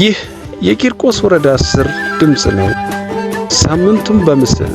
ይህ የቂርቆስ ወረዳ ስር ድምፅ ነው። ሳምንቱን በምስል